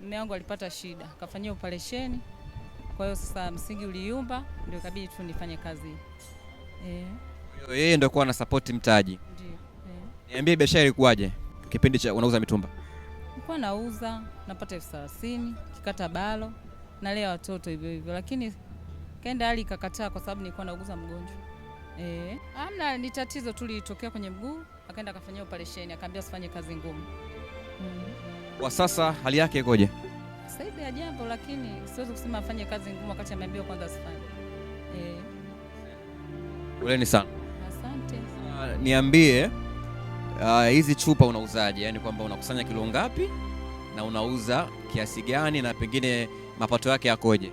mume wangu alipata shida, kafanyia operesheni. Kwa hiyo sasa msingi uliumba, ndio kabidi tu nifanye kazi eh. Yeye ndio kwa na support mtaji. Ndio. Eh. Niambie, biashara ilikuwaje kipindi cha unauza mitumba? Nilikuwa nauza napata elfu thelathini kikata balo nalea watoto hivyo hivyo, lakini kaenda hali ikakataa, kwa sababu nilikuwa nauguza mgonjwa eh. Amna, ni tatizo tu lilitokea kwenye mguu, akaenda akafanyia operesheni, akaambia usifanye kazi ngumu mm. Kwa sasa hali yake ikoje? Sasa hivi ajambo, lakini siwezi kusema afanye kazi ngumu wakati ameambiwa kwanza asifanye. Eh. Poleni sana. Asante. Uh, niambie ah, hizi chupa unauzaje? Yaani kwamba unakusanya kilo ngapi na unauza kiasi gani na pengine mapato yake yakoje?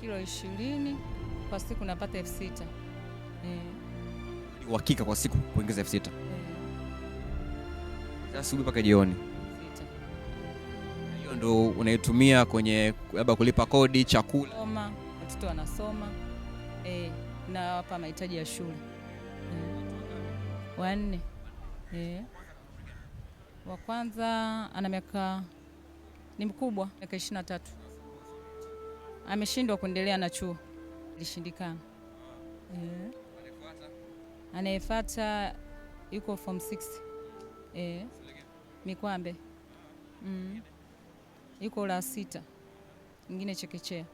Kilo ishirini kwa siku napata elfu sita. Eh. Uhakika kwa siku kuingiza elfu sita. Eh. asubuhi mpaka jioni ndo unaitumia kwenye labda kulipa kodi, chakula, watoto wanasoma e, na hapa mahitaji ya shule e, Wanne e. Wa kwanza ana miaka ni mkubwa miaka ishirini na tatu ameshindwa kuendelea na chuo, ilishindikana e. Anayefuata yuko form 6 e. Mikwambe mm yuko la sita, mwingine chekechea.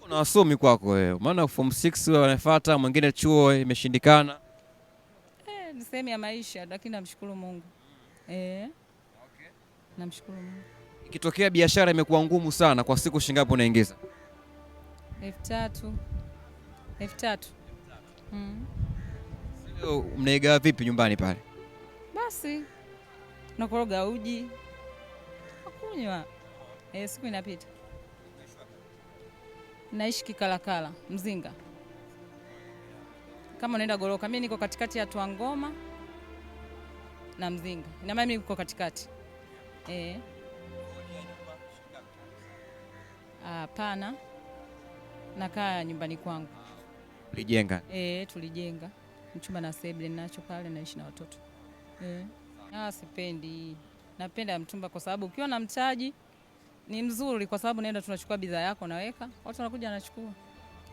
Kuna wasomi kwako wewe, maana form 6 wewe wanafuata, mwingine chuo imeshindikana. Eh, ni sehemu ya maisha, lakini namshukuru Mungu mm. eh, okay. Namshukuru Mungu. Ikitokea biashara imekuwa ngumu sana, kwa siku shilingi unaingiza? elfu tatu elfu tatu mm. Mnaigawa vipi nyumbani pale? Basi nakoroga uji Kunywa e, eh, siku inapita. Naishi Kikalakala Mzinga, kama unaenda Goroka. Mimi niko katikati ya Twangoma na Mzinga, ina maana mimi niko katikati. Eh. Hapana, nakaa nyumbani kwangu. Tulijenga Eh, tulijenga mchumba na sebule ninacho pale, naishi na watoto e. Ah, sipendi Napenda mtumba kwa sababu ukiwa na mtaji ni mzuri, kwa sababu naenda tunachukua bidhaa yako naweka, watu wanakuja wanachukua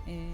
eh.